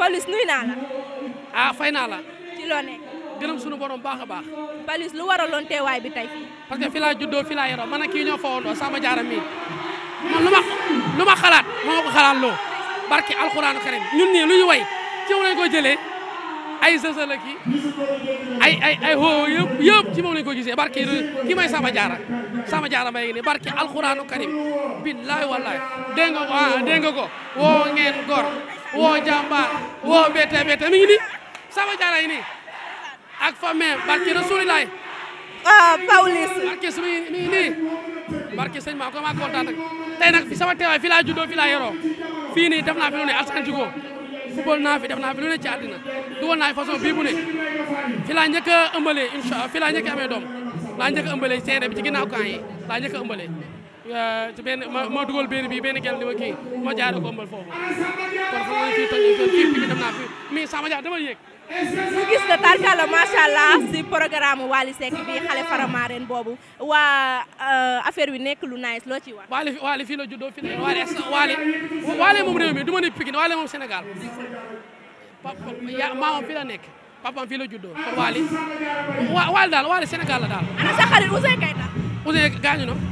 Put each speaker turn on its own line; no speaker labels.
Pawlish nuy naa la. ah fay naa la. ci loo nekk. gërëm sunu borom baax a baax. Pawlish lu waraloon teewaay bi tey. parce que fi laa juddoo fi laa yoroo man ak kii ñoo fawandoo sama jaaram mi lu ma lu ma xalaat moo ma ko xalaat loo barke alxuraanu karim ñun nii lu ñu way ci moom lañ koy jëlee ay sësa la ay ay ay xoo yëpp yëpp ci moom lañ koy gisee barke ki may sama jaara sama jaara may ngi nii barke alxuraanu karim billaay wallaay dégg nga ko ah dégg nga ko gor woo jàmbaar woo mbete mbete mi ngi nii sama jaara yi nii ak famille barke Rasulilaay ah Pawlish barke su mi ngi nii barke sëñ maa ko maa kontaan rek tey nag fi sama teewaay fi laa juddoo fi laa yoroo fii nii def naa fi lu ne Alassane Djigo football naa fi def naa fi lu ne ci àddina naa fi façon bii bu ne fi laa a ëmbalee incha allah fi a amee doom laa njëkk a seere bi ci ginnaaw kan yi laa njëkk a Euh, ci benn ma ma dugal benn bii benn gel di ma kii ma jaare ko dama yéeg ñu gis la tarkala macha allah si programme Wally Seck bi xale faramaaren boobu waa euh, affaire bi nekk lu nice loo ciy wax. fii la juddoo fii la daal Wally Sénégal daal. ana sa xarit Ouzin Keita. Ouzin gaañu